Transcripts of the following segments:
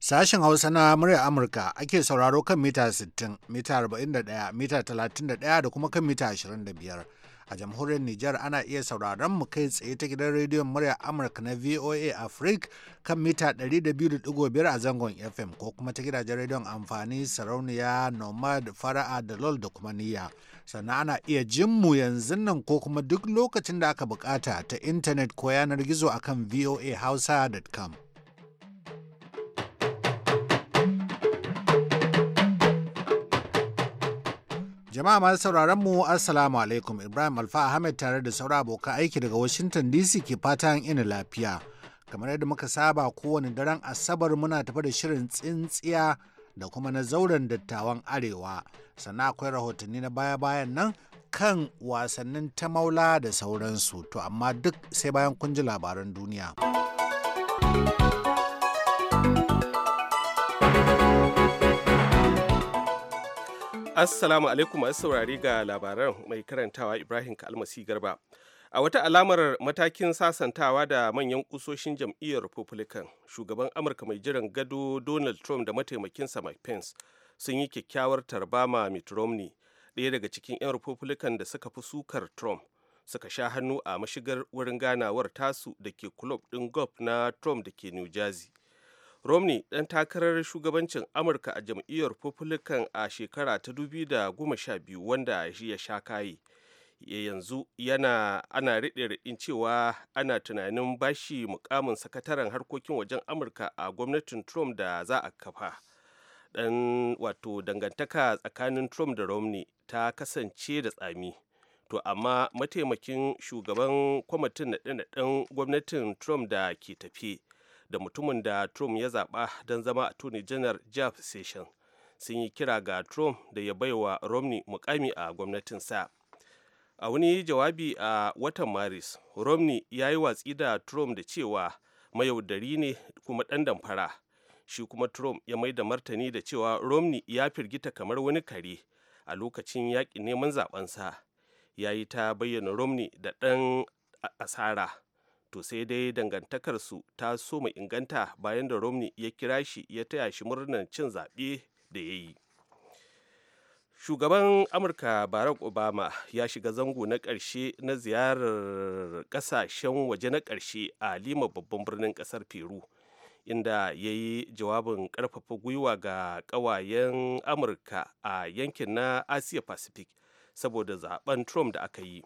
Sashen Hausa na murya Amurka ake sauraro kan mita 60, mita 41, mita 31 da kuma kan mita 25. a jamhuriyar Nijar ana iya sauraron mu kai tsaye ta gidan rediyon murya Amurka na VOA Africa kan mita 200.5 a zangon FM ko kuma ta gidajen rediyon amfani sarauniya Nomad Fara'a da LOL da kuma niyya. Sannan ana iya jin mu yanzu nan ko kuma duk lokacin da aka bukata ta intanet ko yanar gizo akan voahausa.com. Jama'a masu sauraron mu Assalamu alaikum Ibrahim Alfa Ahmed tare da saura abokan aiki daga Washington DC ke fatan ina lafiya. Kamar yadda muka saba kowane daren Asabar muna tafi da shirin tsintsiya da kuma na zauren dattawan Arewa. Sannan akwai rahotanni na baya-bayan nan kan wasannin ta maula da sauransu. To amma duk sai bayan kun ji labaran duniya. Assalamu alaikum masu saurari ga labaran mai karantawa Ibrahim Kalmasi Garba. A wata alamar matakin sasantawa da manyan kusoshin jam'iyyar Republican, shugaban Amurka mai jiran gado Donald Trump da mataimakinsa Mike Pence sun yi kyakkyawar tarbama Mitt Romney, ɗaya daga cikin 'yan Republican da suka fi sukar Trump. Suka sha hannu a mashigar wurin ganawar tasu da ke club ɗin golf na Trump da ke New Jersey. romney ɗan takarar shugabancin amurka a jam'iyyar republican a shekara ta 2012 wanda shi ya sha kayi yanzu yana ana riɗe-riɗin cewa ana tunanin bashi mukamin sakataren harkokin wajen amurka a gwamnatin trump da za a kafa dan wato dangantaka tsakanin trump da romney ta kasance da tsami to amma mataimakin shugaban kwamitin naɗe-naɗen gwamnatin trump da ke tafe da mutumin da trump ya zaɓa don zama attorney janar jeff sessions sun yi kira ga trump da ya baiwa romney mukami a gwamnatinsa a wani jawabi a watan maris romney ya yi watsi da trump da cewa mayaudari ne kuma ɗan damfara shi kuma trump ya mai da martani da cewa romney ya firgita kamar wani kare a lokacin yaƙin neman zaɓensa ya yi ta bayyana romney da ɗan asara to sai dai dangantakarsu ta so soma inganta bayan da romney ya kira shi ya taya shi murnar cin zaɓe da ya yi shugaban amurka barack obama ya shiga zango na ƙarshe na ziyarar ƙasashen waje na ƙarshe a lima babban birnin ƙasar peru inda ya yi jawabin ƙarfafa gwiwa ga ƙawayen amurka a yankin na asia pacific saboda zaben trump da aka yi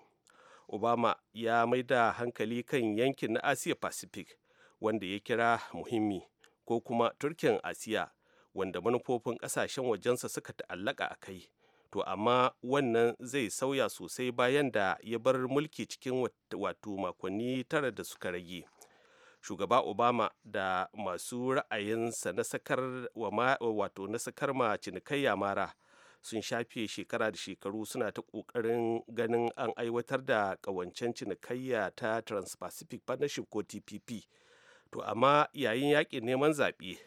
obama ya da hankali kan yankin na asiya pacific wanda ya kira muhimmi ko kuma turkin asiya wanda manufofin kasashen wajensa suka ta'allaka a kai to amma wannan zai sauya sosai bayan da ya bar mulki cikin wato makonni tara da suka rage shugaba obama da masu ra'ayinsa wato na sakar ma cinikayya mara sun shafe shekara da shekaru suna ta kokarin ganin an aiwatar da kawancen cinikayya ta transpacific pacific partnership ko tpp to amma yayin yaƙin neman zaɓe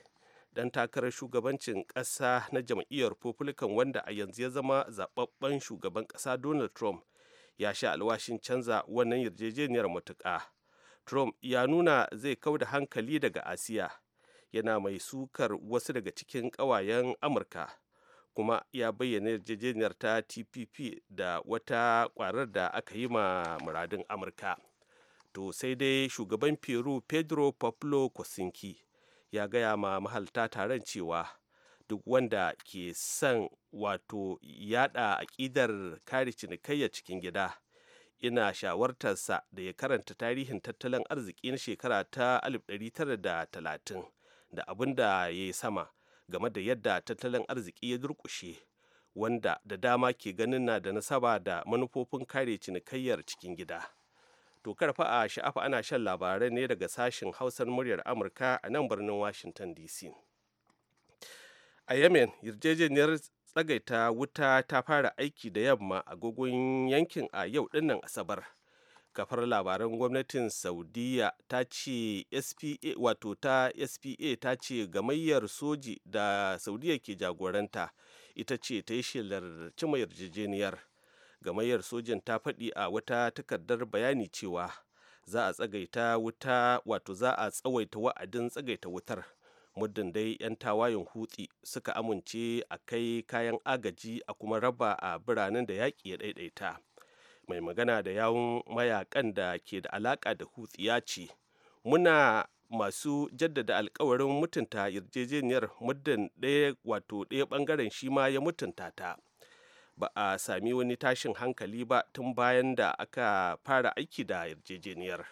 dan takarar shugabancin ƙasa na jam'iyyar republican wanda a yanzu ya zama zaɓaɓɓen shugaban ƙasa donald trump ya sha alwashin canza wannan yarjejeniyar matuƙa trump ya nuna zai kau da hankali daga asiya yana mai sukar wasu daga cikin ƙawayen amurka kuma ya bayyana yarjejeniyar ta tpp da wata kwarar da aka yi ma muradin amurka to sai dai shugaban peru pedro pablo kosinki ya gaya ma mahalta taron cewa duk wanda ke son wato yada aƙidar kare cinikayya cikin gida ina shawartarsa da ya karanta tarihin tattalin arziki na shekara ta 1930 da abin da ya yi sama game da yadda tattalin arziki ya durƙushe wanda da dama ke ganin na da nasaba da manufofin kare cinikayyar cikin gida. Tokar fa'a sha'afa ana shan labarai ne daga sashen hausar muryar Amurka a nan birnin Washington DC. A Yemen, yarjejeniyar tsagaita wuta ta fara aiki da yamma agogon yankin a yau dinnan Asabar. kafar labaran gwamnatin saudiya ta ce spa wato ta spa ta ce gamayyar soji da saudiya ke jagoranta ita ce ta yi shelar cima yarjejeniyar gamayyar sojin ta faɗi a wata takardar bayani cewa za a tsagaita wuta wato za a tsawaita wa'adin tsagaita wutar muddin dai 'yan tawayen hutsi suka amince a kai kayan agaji a kuma raba a biranen da yaƙi ya ɗaiɗaita. mai magana da yawun mayakan da ke da alaka da hutsi ya ce muna masu jaddada alkawarin mutunta yarjejeniyar muddin ɗaya wato ɗaya ɓangaren shi ma ya mutunta ta ba a sami wani tashin hankali ba tun bayan da aka fara aiki da yarjejeniyar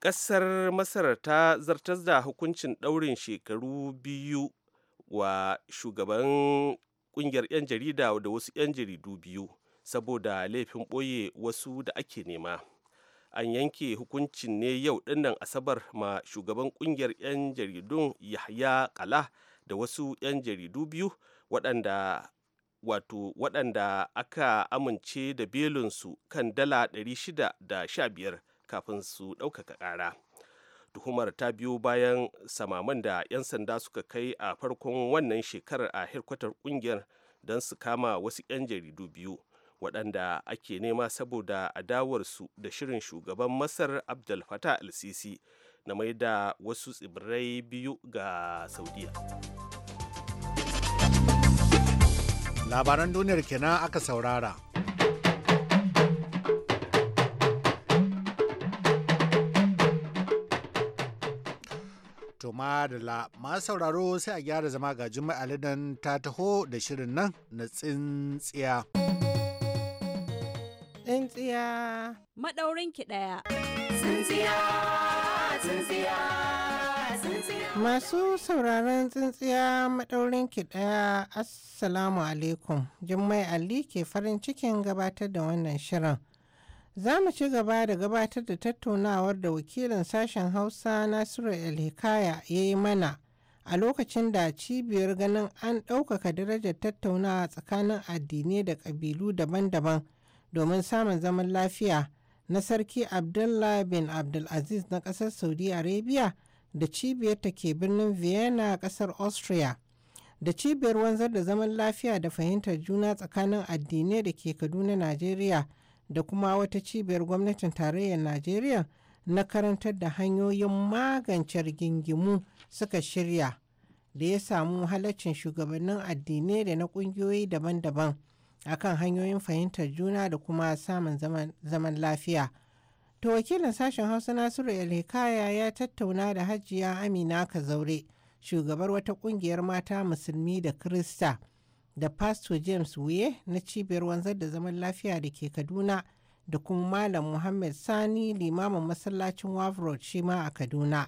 ƙasar masar ta zartar da hukuncin ɗaurin shekaru biyu wa shugaban ƙungiyar 'yan jarida da wasu 'yan jaridu biyu saboda laifin ɓoye wasu da ake nema an yanke hukuncin ne yau dinnan asabar ma shugaban kungiyar 'yan jaridun yahya kala da wasu 'yan jaridu biyu waɗanda wato waɗanda aka amince da belinsu kan dala 615 kafin su ɗaukaka ƙara tuhumar ta biyo bayan samaman da 'yan sanda suka kai a farkon wannan shekarar a hirkwatar kungiyar don su kama wasu 'yan jaridu biyu waɗanda ake nema saboda adawarsu da shirin shugaban masar abdul fata al-sisi na mai da wasu tsibirai biyu ga saudiya labaran duniyar kenan aka saurara to madala masu sauraro sai a gyara zama ga juma'a ladan ta taho da shirin nan na tsintsiya. tsintsiya maɗaurin ki ɗaya. Tsintsiya, tsintsiya, tsintsiya. Masu sauraron tsintsiya maɗaurin ki ɗaya Assalamu alaikum. Jummai Ali ke farin cikin gabatar da wannan shirin. Za mu ci gaba da gabatar da tattaunawar da wakilin sashen Hausa Nasiru El-Hikaya ya yi mana. a lokacin da cibiyar ganin an ɗaukaka darajar tattaunawa tsakanin addinai da ƙabilu daban-daban domin samun zaman lafiya na sarki abdullah bin abdulaziz na ƙasar saudi arabia da cibiyar ta ke birnin vienna ƙasar austria da cibiyar wanzar da zaman lafiya da fahimtar juna tsakanin addinai da ke kaduna najeriya da kuma wata cibiyar gwamnatin tarayyar najeriya na karantar da hanyoyin magance rigingimu suka shirya da ya samu halaccin shugabannin addinai da na ƙungiyoyi daban-daban akan hanyoyin fahimtar juna da kuma samun zaman lafiya. To wakilin sashen Hausa Nasiru Elhikaya ya tattauna da Hajiya Amina Kazaure, shugabar wata kungiyar mata musulmi da Krista, da Pastor James Wuye na cibiyar wanzar da zaman lafiya da ke Kaduna, da kuma Malam Muhammad Sani limamin masallacin Wavrod shi ma a Kaduna.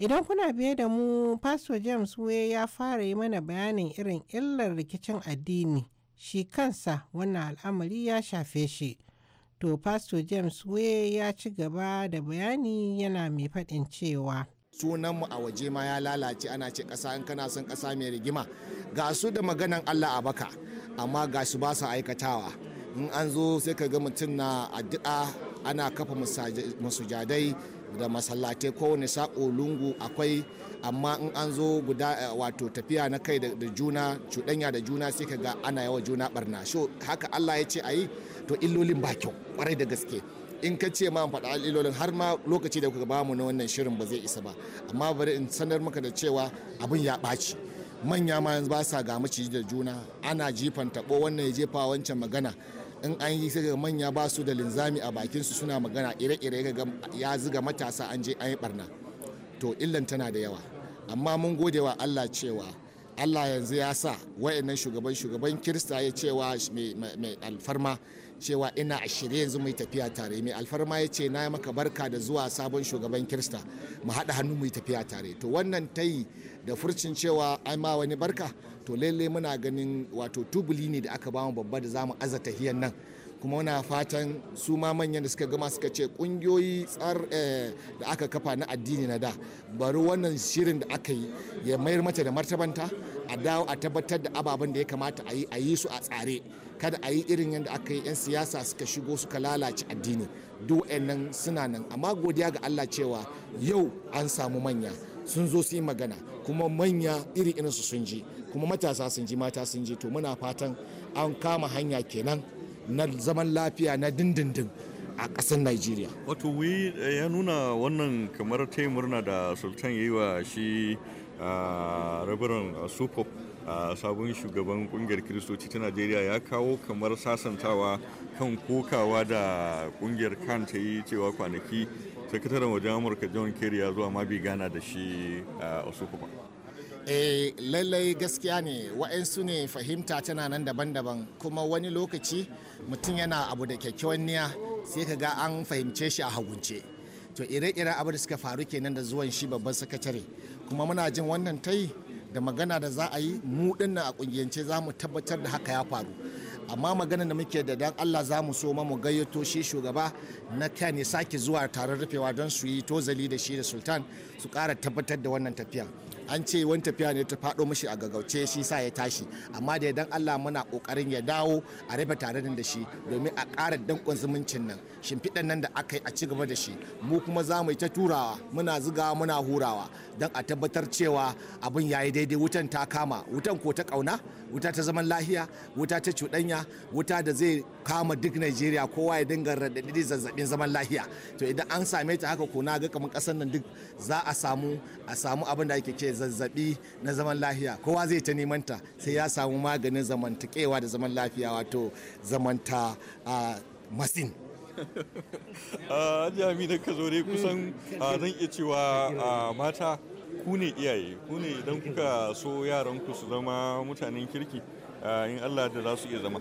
Idan kuna biye da mu, Pastor James Wuye ya fara yi mana bayanin irin illar rikicin addini. shi kansa wannan al'amari ya shafe shi to pastor james way ya ci gaba da bayani yana mai faɗin cewa sunanmu a waje ma ya lalace ana ce ƙasa in kana son ƙasa mai rigima ga su da maganan allah a baka amma ga su ba su aikatawa in an zo sai ka ga mutum na addu'a ana kafa musujadai da masallatai kowane sako lungu akwai amma in an zo guda eh, wato tafiya na kai da juna cuɗanya da juna sai ka ga ana yawa juna barna so haka Allah ya ce a yi to illolin ba kyau kwarai da gaske in ka ce ma faɗa illolin har ma lokaci da kuka bamu na wannan shirin ba zai isa ba amma bari in sanar maka da cewa abin ya ɓaci manya ma yanzu ba sa ga maciji da juna ana jifan taɓo wannan ya jefa wancan magana in an yi sai manya ba su da linzami a bakin su suna magana ire-ire ya ziga matasa an je an yi barna to illan tana da yawa amma mun gode wa Allah cewa Allah yanzu ya sa wayannan shugaban shugaban kirista ya cewa mai alfarma cewa ina a shirye yanzu mai tafiya tare mai alfarma ya ce na yi maka barka da zuwa sabon shugaban kirista mu haɗa hannu mu tafiya tare to wannan ta yi da furcin cewa ai ma wani barka to lallai muna ganin wato tubuli ne da aka ba mu babba da zamu aza tahiyan nan kuma muna fatan su ma manyan da suka gama suka ce kungiyoyi tsar eh, da aka kafa na addini na da bari wannan shirin da aka yi ya mayar mata da martabanta a dawo a tabbatar da ababen da ya kamata a yi su a tsare kada a yi irin yadda aka yi 'yan siyasa suka shigo suka lalace addini duk nan suna nan amma godiya ga allah cewa yau an samu manya sun zo su yi magana kuma manya iri irinsu sun ji kuma matasa sun ji mata sun ji to muna fatan an kama hanya kenan na zaman lafiya na dindindin a ƙasar Najeriya. Wato wi eh, ya nuna wannan kamar ta murna da Sultan yi wa shi ah, rabirin Supop sabon shugaban kungiyar kiristoci ta najeriya ya kawo kamar sasantawa kan kokawa da kungiyar kan ta yi cewa kwanaki sakataren wajen amurka john kerry ya zuwa ma gana da shi a kuma. eh lallai gaskiya ne wa'ansu ne fahimta tana nan daban-daban kuma wani lokaci mutum yana abu da kyakkyawan niya sai ka ga an fahimce shi a hagunce to ire-iren abu da suka faru kenan da zuwan shi babban sakatare kuma muna jin wannan ta yi da magana da za a yi mu dinnan a kungiyance za mu tabbatar da haka ya faru amma magana da muke da dan Allah za mu so ma mu gayyato shi shugaba na kan ya sake zuwa taron rufewa don su yi tozali da shi da sultan su kara tabbatar da wannan tafiya an ce wani tafiya ne ta faɗo mashi a gagauce shi sa ya tashi amma da dan Allah muna kokarin ya dawo a rufe tare da shi domin a ƙara dankon zumuncin nan shimfiɗan nan da aka yi a ci gaba da shi mu kuma za mu yi ta turawa muna zugawa muna hurawa don a tabbatar cewa abin ya yi daidai wutan ta kama wutan ko ta ƙauna wuta ta zaman lahiya wuta ta cuɗanya wuta da zai kama duk Najeriya kowa ya dinga raɗaɗi zazzabin zaman lahiya to idan an same ta haka ko na ga kamar ƙasar nan duk za a samu a samu abin da ake ce zazzabi na zaman lafiya kowa zai ta neman ta sai ya samu maganin zamantakewa da zaman lafiya wato zamanta masin ah, a jami ka zo dai kusan ah, zan iya cewa ah, mata ku ne iyaye ku ne idan kuka so yaranku su zama mutanen kirki in allah da za su iya zama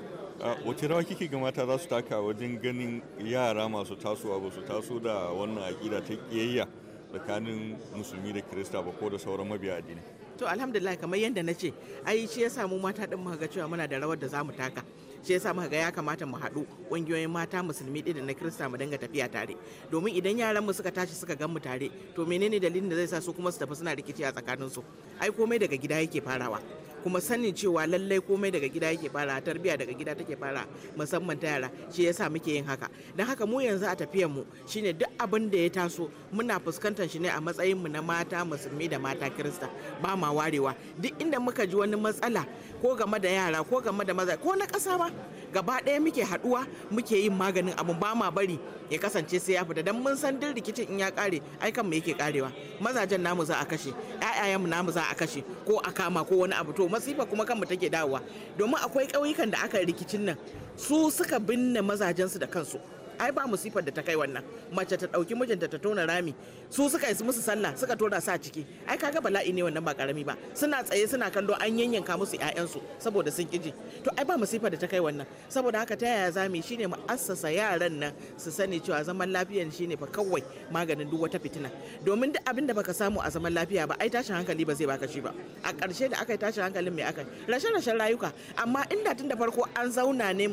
wace rawa kike ga mata za su taka wajen ganin yara masu tasowa ba su taso da wannan aƙida ta ƙiyayya tsakanin musulmi da kirista ba ko da sauran mabiya addini to alhamdulillah kamar yadda na ce ai shi ya samu mata din muka ga cewa muna da rawar da za mu taka shi ya sa ga ya kamata mu haɗu ƙungiyoyin mata musulmi ɗin da na kirista mu dinga tafiya tare domin idan yaran mu suka tashi suka gan mu tare to menene dalilin da zai sa su kuma su tafi suna rikici a tsakanin su ai komai daga gida yake farawa kuma sanin cewa lallai komai daga gida yake fara tarbiyya daga gida take fara musamman ta yara shi yasa muke yin haka don haka mu yanzu a tafiyar mu shine duk abin da ya taso muna fuskantar shi ne a matsayin mu na mata musulmi da mata kirista ba ma warewa duk inda muka ji wani matsala ko game da yara ko game da maza ko na ƙasa ba gaba ɗaya muke haɗuwa muke yin maganin abin ba ma bari ya kasance sai ya fita don mun san duk rikicin in ya kare ai kan mu yake ƙarewa mazajen namu za a kashe ƴaƴayenmu namu za a kashe ko a kama ko wani abu to masifa kuma kanmu take dawowa domin akwai ƙauyukan da aka rikicin nan su suka binne mazajensu da kansu ai ba musifar da ta kai wannan mace ta dauki mijinta ta tona rami su suka yi musu sallah suka tura sa ciki ai kaga bala'i ne wannan ba karami ba suna tsaye suna kallo an yanyanka musu ƴaƴansu saboda sun kiji to ai ba musifar da ta kai wannan saboda haka ta yaya zamu shine mu assasa yaran nan su sani cewa zaman lafiyan shine fa kawai maganin duk wata fitina domin duk abin da baka samu a zaman lafiya ba ai tashin hankali ba zai baka shi ba a ƙarshe da aka yi tashin hankalin mai aka rashe-rashen rayuka amma inda tun da farko an zauna ne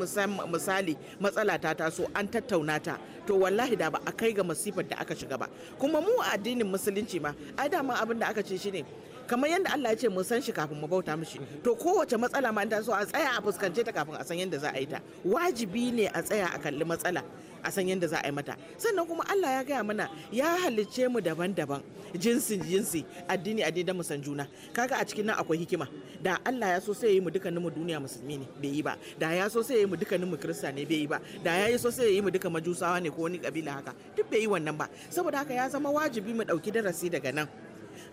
misali matsala ta taso an tattauna tattauna to wallahi da ba a kai ga masifar da aka shiga ba kuma mu a addinin musulunci ma ai dama abin da aka ce ne kamar yadda Allah ya ce mun san shi kafin mu bauta mishi to kowace matsala ma ta so a tsaya a fuskance ta kafin a san yadda za a yi ta wajibi ne a tsaya a kalli matsala a san yadda za a yi mata sannan kuma Allah ya gaya mana ya halicce mu daban-daban jinsi jinsi addini addini da musan juna kaga a cikin nan akwai hikima da Allah ya so sai ya yi mu dukkanin mu duniya musulmi ne bai yi ba da ya so sai ya yi mu dukkanin mu kirista ne bai yi ba da ya so sai ya yi mu duka majusawa ne ko wani kabila haka duk bai yi wannan ba saboda haka ya zama wajibi mu dauki darasi daga nan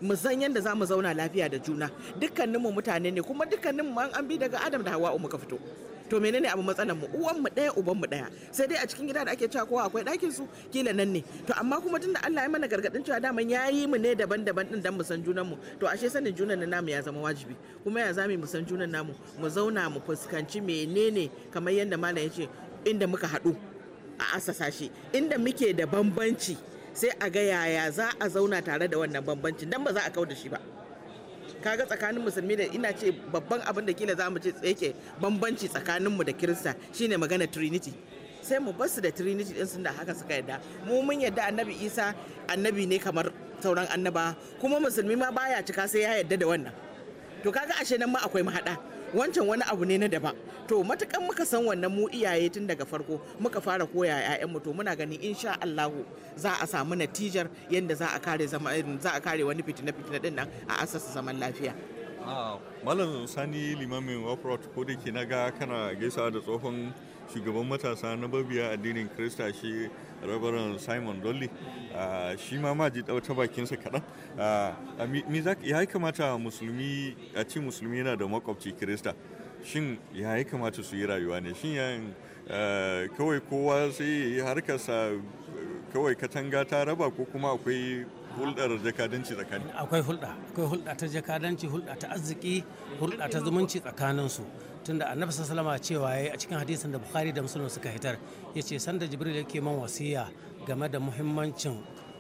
mu san yadda za mu zauna lafiya da juna mu mutane ne kuma mu an bi daga adam da hawa'u muka fito to menene abu matsalar mu uwan mu daya uban mu daya sai dai a cikin gida da ake cewa kowa akwai dakin su kila nan ne to amma kuma tunda Allah ya mana gargadin cewa daman yayi mu ne daban-daban din dan mu san junan mu to ashe sanin junan na namu ya zama wajibi kuma ya zame mu san junan namu mu zauna mu fuskanci menene kamar yadda malam ya ce inda muka haɗu a asasa shi inda muke da bambanci sai a ga yaya za a zauna tare da wannan bambanci dan ba za a kau da shi ba kaga tsakanin musulmi da ina ce babban abin da kila za mu ce yake bambanci tsakanin mu da kirista shine magana trinity sai mu basu da trinity din sun da haka suka yadda mu mun yadda annabi isa annabi ne kamar sauran annaba kuma musulmi ma baya cika sai ya yadda da wannan to kaga ashe nan ma akwai mahada wancan wani abu ne na daban to matukan muka san wannan mu iyaye tun daga farko muka fara koya ya'yan mu to muna ganin insha Allahu za a samu natijar yadda za a kare za a kare wani fitina fitina din nan a asasa zaman lafiya ah, malam sani limamin wafrot ko da ke na ga kana gaisa da tsohon shugaban matasa na babiya addinin krista shi rabaran simon dolly ah, shi ma ma ji ta bakinsa kaɗan ah, ya kamata musulmi a ci musulmi yana da makwabci krista shin ya yi kamata su yi rayuwa ne shin yayin ah, kawai kowa sai yi harkarsa kawai katanga ta raba ko kuma akwai hulɗar jakadanci tsakani akwai hulɗa akwai hulɗa ta jakadanci hulɗa ta arziki hulɗa ta zumunci tsakaninsu tunda annabi sallama cewa yayi a cikin hadisin da bukhari da muslim suka hitar yace sanda jibril yake man wasiya game da muhimmancin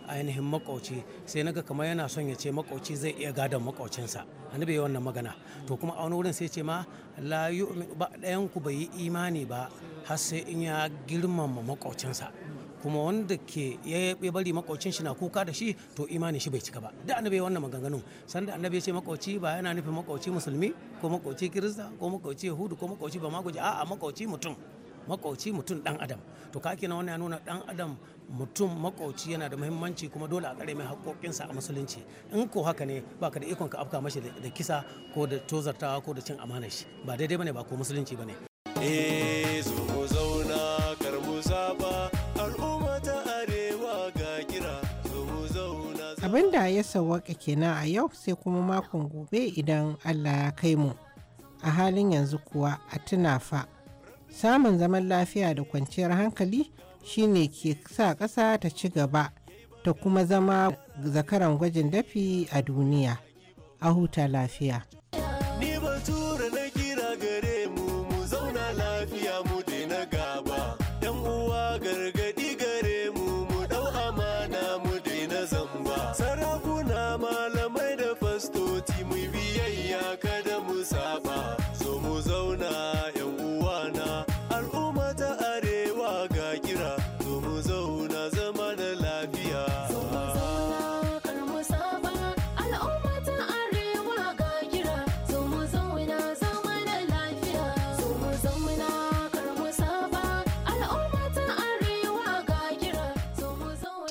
ainihin makauci sai naga kamar yana son ya ce makauci zai iya gadon makaucinsa annabi ya wannan magana to kuma a wani wurin sai ce ma la yu'min ba dayan ku bai yi imani ba har sai in ya girmama makaucinsa kuma wanda ke ya bari makocin shi na kuka da shi to imanin shi bai cika ba da annabi wannan maganganun sanda annabi ce makoci ba yana nufin makoci musulmi ko makoci kirista ko makoci yahudu ko makoci ba maguji a'a makoci mutum makoci mutum dan adam to ka kenan wannan ya nuna dan adam mutum makoci yana da muhimmanci kuma dole a kare mai haƙoƙinsa a musulunci in ko haka ne baka da ikon ka afka mashi da kisa ko da tozartawa ko da cin amanar shi ba daidai bane ba ko musulunci bane eh abin da ya sawwaka kenan a yau sai kuma makon gobe idan allah ya kai mu a halin yanzu kuwa a tuna fa samun zaman lafiya da kwanciyar hankali shine ke sa ƙasa ta ci gaba ta kuma zama zakaran gwajin dafi a duniya a huta lafiya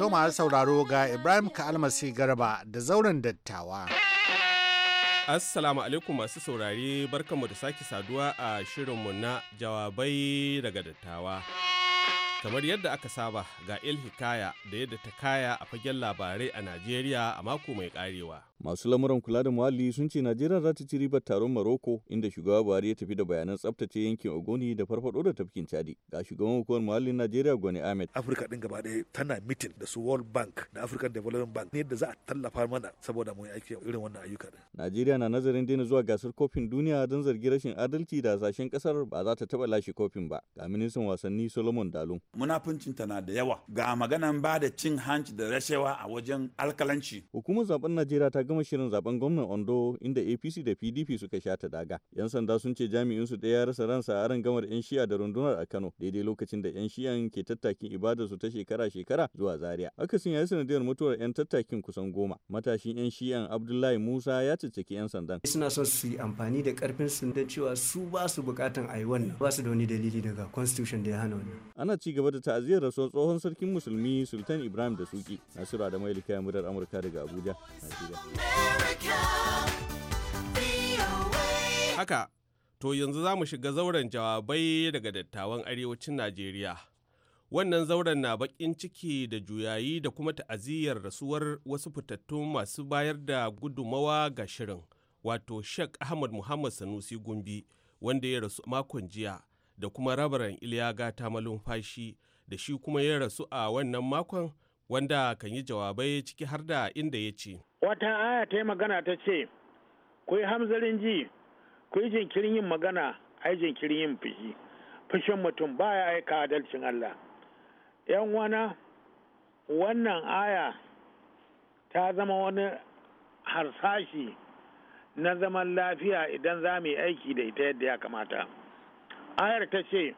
To masu sauraro ga Ibrahim Ka'almasi Garba da zauren dattawa. Assalamu alaikum masu saurare barkanmu da sake saduwa a shirinmu na jawabai daga dattawa. Kamar yadda aka saba ga ilhikaya da yadda ta kaya a fagen labarai a Najeriya a mako mai karewa. Masu lamuran kula da muhalli sun ce Najeriya za ta ci ribar taron Maroko inda shugaba Buhari ya tafi da bayanan tsaftace yankin Ogoni da farfado da tafkin Chadi. Ga shugaban hukumar muhallin Najeriya Gwani Ahmed. Afirka din gaba ɗaya tana mitin da su World Bank da African Development Bank ne yadda za a tallafa mana saboda mu yi aiki irin wannan ayyuka din. Najeriya na nazarin daina zuwa gasar kofin duniya don zargi rashin adalci da hasashen kasar ba za ta taba lashe kofin ba. Ga ministan wasanni Solomon Dalun. Munafuncin na da yawa ga maganan ba da cin hanci da rashewa a wajen alkalanci. Hukumar zaben Najeriya ta gama shirin zaben gwamnan Ondo inda APC da PDP suka sha ta daga. 'Yan sanda sun ce jami'in su ɗaya rasa ransa a gamar 'yan shiya da rundunar a Kano daidai lokacin da 'yan shiyan ke tattakin ibadar su ta shekara-shekara zuwa Zaria. aka ya yi sanadiyar mutuwar 'yan tattakin kusan goma. Matashin 'yan shiyan Abdullahi Musa ya cicciki 'yan sandan. Suna son su yi amfani da karfin su da cewa su ba su bukatan a yi wannan ba su da wani dalili daga constitution da ya hana wannan. Ana ci gaba da ta'aziyar rasuwar tsohon sarkin musulmi Sultan Ibrahim da Suki. Nasiru Adamu Ilika Murar Amurka daga Abuja. Najeriya. Haka, to yanzu za mu shiga zauren jawabai daga dattawan arewacin Najeriya. Wannan zauren na baƙin ciki da juyayi da kuma ta'aziyyar rasuwar wasu fitattun masu bayar da gudumawa ga shirin, wato Sheikh Ahmad Muhammad Sanusi Gumbi, wanda ya rasu makon jiya, da kuma rabaran Iliya Gata Malumfashi, da shi kuma ya rasu a wannan makon wanda kan yi jawabai ciki har da inda ya ce. Wata aya ta yi magana ta ce, ku yi hamzarin ji, ku yi jinkirin yin magana, ai jinkirin yin fushi. Fushin mutum baya aika adalcin Allah. ‘Yan wana, wannan aya ta zama wani harsashi na zaman lafiya idan za mu yi aiki da ita yadda ya kamata. Ayar ta ce,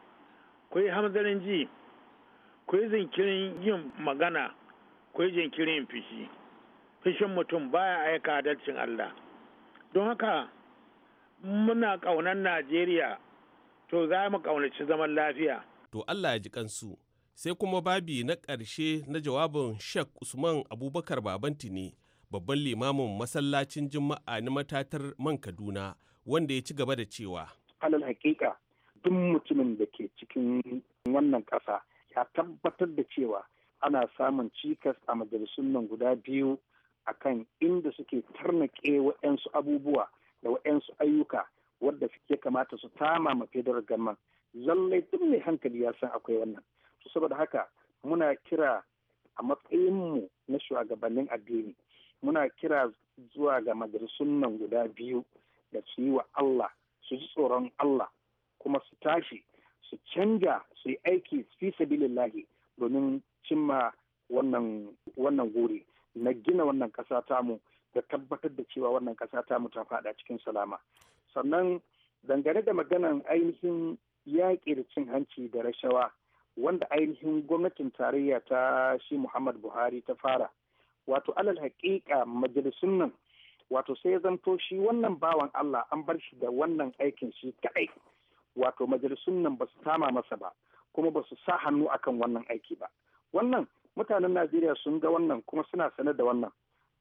ku yi hamzarin ji, kwai zinkirin yin magana kwai jinkirin yin fishi fishin mutum baya aika adalcin Allah don haka muna ƙaunar Najeriya to za mu ƙaunaci zaman lafiya. To Allah ya ji kansu sai kuma babi na ƙarshe na jawabin shek Usman Abubakar Babanti ne babban limamin masallacin Juma'a na matatar man Kaduna wanda ya ci gaba da cewa. Alal hakika duk mutumin da ke cikin wannan ƙasa a tabbatar da cewa ana samun cikas a majalisun nan guda biyu a kan inda suke tarnake waɗansu abubuwa da waɗansu ayyuka wadda suke kamata su tama ma federal government zallai tun mai hankali ya san akwai wannan su saboda haka muna kira a matsayinmu na shugabannin addini muna kira zuwa ga majalisun nan guda biyu da su yi wa Allah su ji tsoron Allah kuma su tashi su canja su yi aiki fi sabilillahi domin cimma wannan guri na gina wannan kasa tamu da tabbatar da cewa wannan ƙasa tamu ta faɗa cikin salama sannan dangane da maganan ainihin yaƙi da cin hanci da rashawa wanda ainihin gwamnatin tarayya ta shi muhammad buhari ta fara wato alal haƙiƙa majalisun nan wato sai ya zanto shi wannan bawan allah an bar shi da wannan aikin shi kaɗai wato majalisun nan ba su kama masa ba kuma ba su sa hannu akan wannan aiki ba wannan mutanen najeriya sun ga wannan kuma suna sane da wannan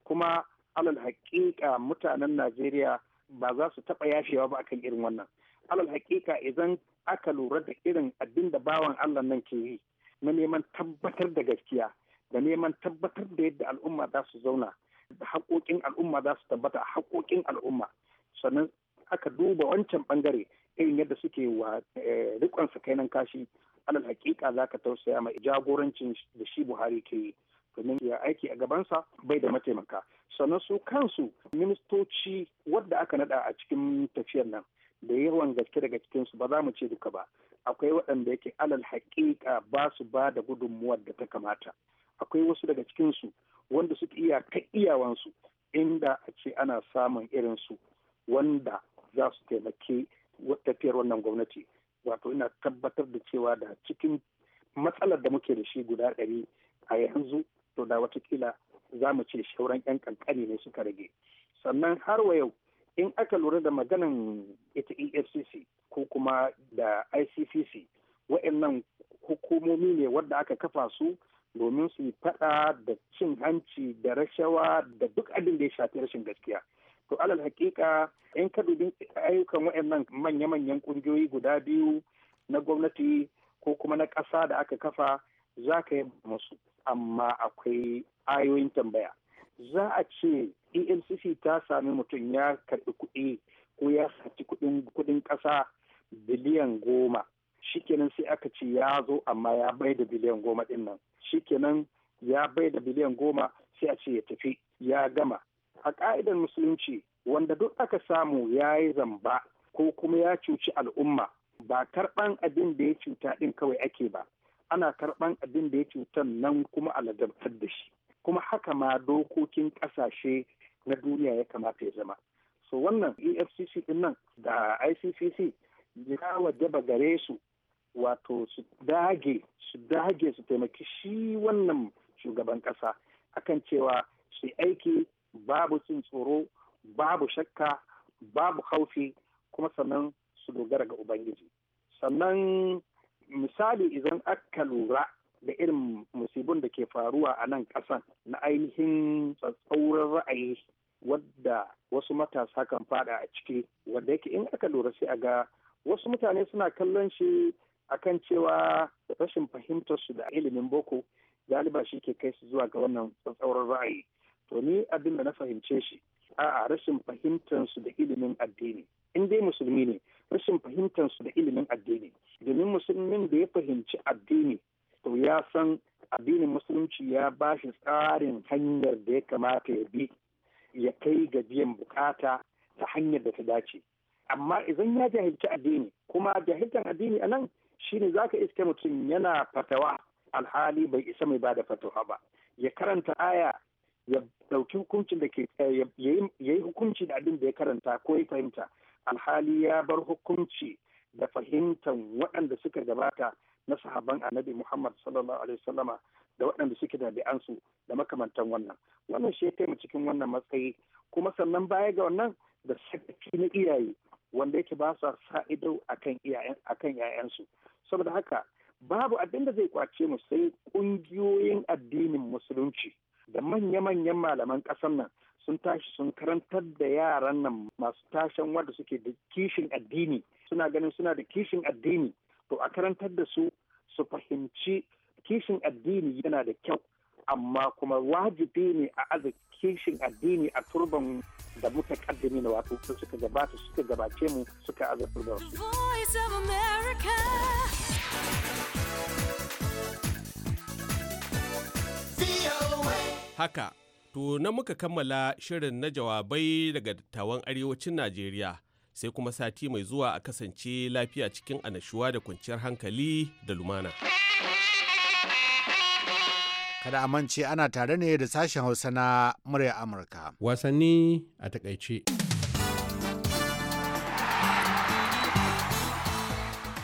kuma alal haƙiƙa mutanen najeriya ba za su taɓa yashewa ba akan irin wannan alal haƙiƙa idan aka lura da irin abin da bawan allah nan ke yi na neman tabbatar da gaskiya da neman tabbatar da yadda al'umma za su zauna da haƙoƙin al'umma za su tabbata haƙoƙin al'umma sannan aka duba wancan ɓangare irin yadda suke wa eh, rikon nan kashi alal hakika za ka tausaya mai jagorancin da shi buhari ke yi domin ya aiki a gabansa bai da mataimaka sannan su kansu ministoci wadda aka nada a cikin tafiyar nan da yawan gaske daga cikinsu ba za mu ce duka ba akwai waɗanda yake alal haƙiƙa ba su ba da gudunmuwar da ta kamata akwai wasu daga cikinsu wanda suke iya kai iyawansu inda a ce ana samun irinsu wanda za su taimaki tafiyar wannan gwamnati wato ina tabbatar da cewa da cikin matsalar da muke da shi guda ɗari a yanzu to da watakila za mu ce shauran 'yan kankani ne suka rage sannan har wa yau in aka lura da maganan ita efcc ko kuma da iccc wa'annan hukumomi ne wadda aka kafa su domin su yi fada da cin hanci da rashawa da duk abin da ya shafi rashin gaskiya to alal hakika in ka dubi ayyukan waɗannan manya-manyan ƙungiyoyi guda biyu na gwamnati ko kuma na ƙasa da aka kafa za ka yi musu amma akwai ayoyin tambaya za a ce emcc ta sami mutum ya karɓi kuɗi ko ya saci kuɗin ƙasa biliyan goma shikenan sai aka ce ya zo amma ya bai da biliyan goma ɗin nan shikenan ya bai da biliyan goma sai a ce ya tafi ya gama a ƙa'idar musulunci wanda duk aka samu ya yi zamba ko kuma ya cuci al'umma ba karɓan abin da ya cuta ɗin kawai ake ba ana karɓan abin da ya cutar nan kuma aladabtar da shi kuma haka ma dokokin ƙasashe na duniya ya kamata ya zama so wannan efcc din nan da iccc ya wajaba gare su wato su dage su dage su taimaki shi wannan shugaban ƙasa akan cewa su aiki babu cin tsoro babu shakka babu haufi kuma sannan su dogara ga ubangiji sannan misali idan aka lura da irin musibin da ke faruwa a nan ƙasan na ainihin tsatsauran ra'ayi wadda wasu matasa kan fada a ciki wadda yake in aka lura sai a ga wasu mutane suna kallon shi akan cewa rashin fahimtar su da ilimin boko galiba shi ke kai su zuwa ga wannan tsatsauran ra'ayi to ni abin da na fahimce shi a'a rashin fahimtar su da ilimin addini in dai musulmi ne rashin fahimtar su da ilimin addini domin musulmin da ya fahimci addini to ya san addinin musulunci ya ba shi tsarin hanyar da ya kamata ya bi ya kai ga biyan bukata ta hanyar da ta dace amma idan ya jahilci addini kuma jahilcin addini anan nan shine zaka iske mutum yana fatawa alhali bai isa mai bada fatawa ba ya karanta aya ya ɗauki hukuncin da ke eh, ya yi hukunci da abin da ya karanta ko ya fahimta alhali ya bar hukunci da fahimtar waɗanda suka gabata na sahaban annabi muhammad sallallahu alaihi wasallama da waɗanda suke da bi'ansu da makamantan wannan wannan shi ya mu cikin wannan matsayi kuma sannan baya ga wannan da sakaci na iyaye wanda yake ba sa sa ido akan yayansu saboda haka babu abin da zai kwace mu sai ƙungiyoyin addinin musulunci da manya-manyan malaman ƙasar nan sun tashi sun karantar da yaran nan masu tashen wanda suke da kishin addini suna ganin suna da kishin addini to a karantar da su su fahimci kishin addini yana da kyau amma kuma wajibi ne a aza kishin addini a turban da muka kaddami na wato suka gabata suka gabace mu suka aza turban su. Haka, to na muka kammala shirin na jawabai daga dattawan arewacin Najeriya sai kuma sati mai zuwa a kasance lafiya cikin anashuwa da kwanciyar hankali da lumana. Kada a ana tare ne da sashen Hausa na murya Amurka. Wasanni a takaice.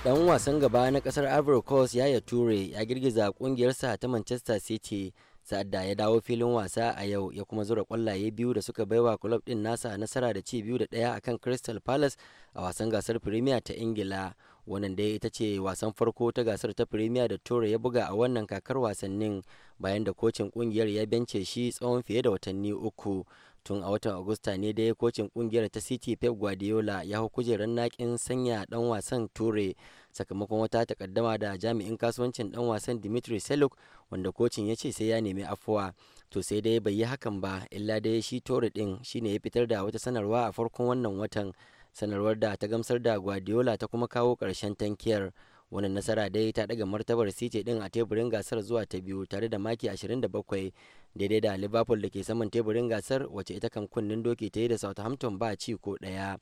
dan wasan gaba na kasar Ivory Coast Yaya Ture ya girgiza kungiyarsa ta Manchester City sa'ad da ya dawo filin wasa a yau ya kuma zura kwallaye biyu da suka baiwa kulob din nasa nasara da ci biyu da ɗaya akan crystal palace a wasan gasar premier ta ingila wannan dai ita ce wasan farko ta gasar ta premier da tore ya buga a wannan kakar wasannin bayan da kocin kungiyar ya bence shi tsawon fiye da watanni uku tun a watan agusta ne dai kocin kungiyar ta city pep guardiola ya hau kujerar nakin sanya dan wasan ture sakamakon wata takaddama da jami'in kasuwancin dan wasan dimitri seluk wanda kocin ya ce sai ya nemi afuwa to sai dai bai yi hakan ba illa dai shi tore din shine ya fitar da wata sanarwa a farkon wannan watan sanarwar da ta gamsar da guardiola ta kuma kawo karshen tankiyar wannan nasara dai ta daga martabar city din a teburin gasar zuwa ta biyu tare da maki 27 daidai da liverpool da ke saman teburin gasar wacce ita kan kunnen doki ta yi da southampton ba ci ko daya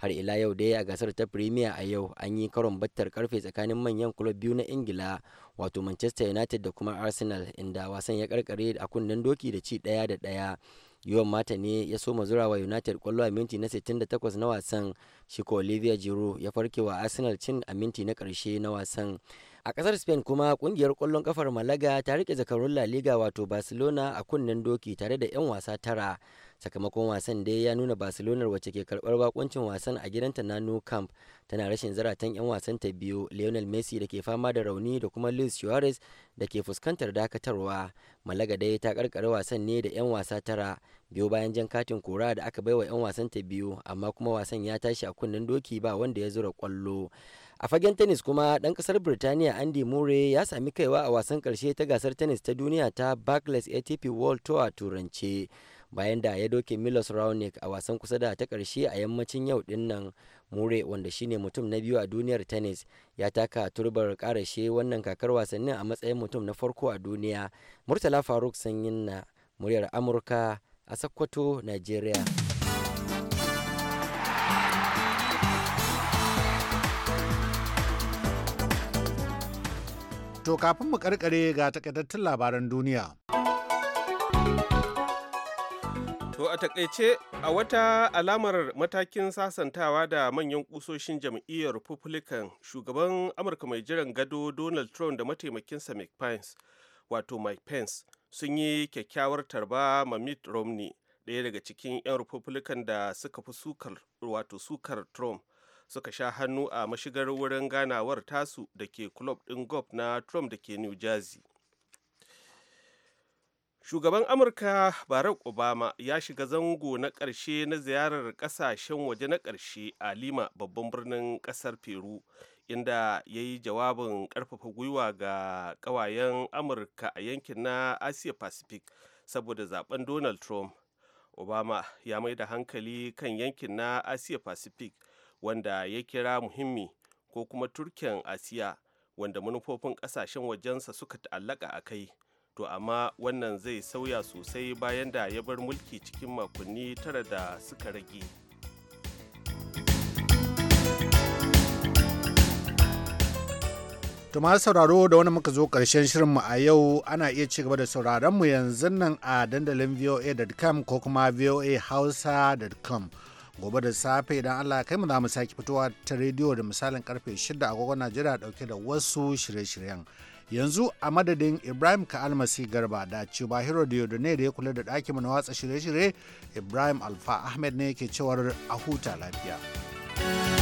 har ila yau dai a gasar ta premier a yau an yi karon battar karfe tsakanin manyan kulob biyu na ingila wato manchester united da kuma arsenal inda wasan ya karkare a kunnen doki da ci daya da daya yawan Mata ne ya soma wa United kwallo a minti na 68 na wasan, shiko Olivia Giroud ya farke wa Arsenal cin a minti na karshe na wasan. a kasar spain kuma kungiyar kwallon kafar malaga ta rike zakarun la liga wato barcelona a kunnen doki tare da 'yan wasa tara sakamakon wasan dai ya nuna barcelona wacce ke karbar bakuncin wasan a gidanta na nano camp tana rashin zaratan 'yan wasan ta biyu lionel messi da ke fama da rauni da kuma luis suarez da ke fuskantar dakatarwa malaga dai ta karkare wasan ne da 'yan wasa tara biyu bayan jan katin kora da aka baiwa 'yan wasan ta biyu amma kuma wasan ya tashi a kunnen doki ba wanda ya zura kwallo a fagen tennis kuma ɗan ƙasar birtaniya andy murray ya sami kaiwa a wasan karshe ta gasar tennis ta duniya ta barclays atp world tour a turance bayan da ya doke milos raonic a wasan kusa da ta karshe a yammacin yau din nan murray wanda shine mutum na biyu a duniyar tennis ya taka turbar karashe wannan kakar wasannin a matsayin mutum na farko a duniya murtala faruk sanyin na muryar amurka a sakkwato nigeria To kafin mu karkare ga takaitattun labaran duniya. To a takaice a wata alamar matakin sasantawa da manyan kusoshin jam'iyyar Republican shugaban Amurka mai jiran gado Donald Trump da mataimakinsa Mike Pence wato Mike Pence sun yi kyakkyawar tarba ma Mitt Romney ɗaya daga cikin 'yan Republican da suka fi sukar wato sukar Trump suka sha hannu a mashigar wurin ganawar tasu da ke club din golf na trump da ke new jersey shugaban amurka barack obama ya shiga zango na ƙarshe na ziyarar ƙasashen waje na ƙarshe a lima babban birnin ƙasar peru inda ya yi jawabin ƙarfafa gwiwa ga ƙawayen amurka a yankin na asia pacific saboda zaben donald trump obama ya mai da hankali kan yankin na asia pacific wanda ya kira muhimmi ko kuma turken asiya wanda manufofin kasashen wajensa suka ta'allaka a kai to amma wannan zai sauya sosai bayan da ya bar mulki cikin makonni tara da suka rage To masu sauraro da wani muka zo ƙarshen shirinmu a yau ana iya ci gaba da sauraronmu yanzu nan a dandalin voa.com ko kuma voahausa.com. gobe da safe idan allah kai mu za mu sake fitowa ta rediyo da misalin karfe 6 agogon najeriya dauke da wasu shirye-shiryen yanzu a madadin ibrahim almasi garba da cuba hero ne da ya kula da ɗakin na watsa shirye-shirye ibrahim alfa ahmed ne yake cewar a huta lafiya. thank you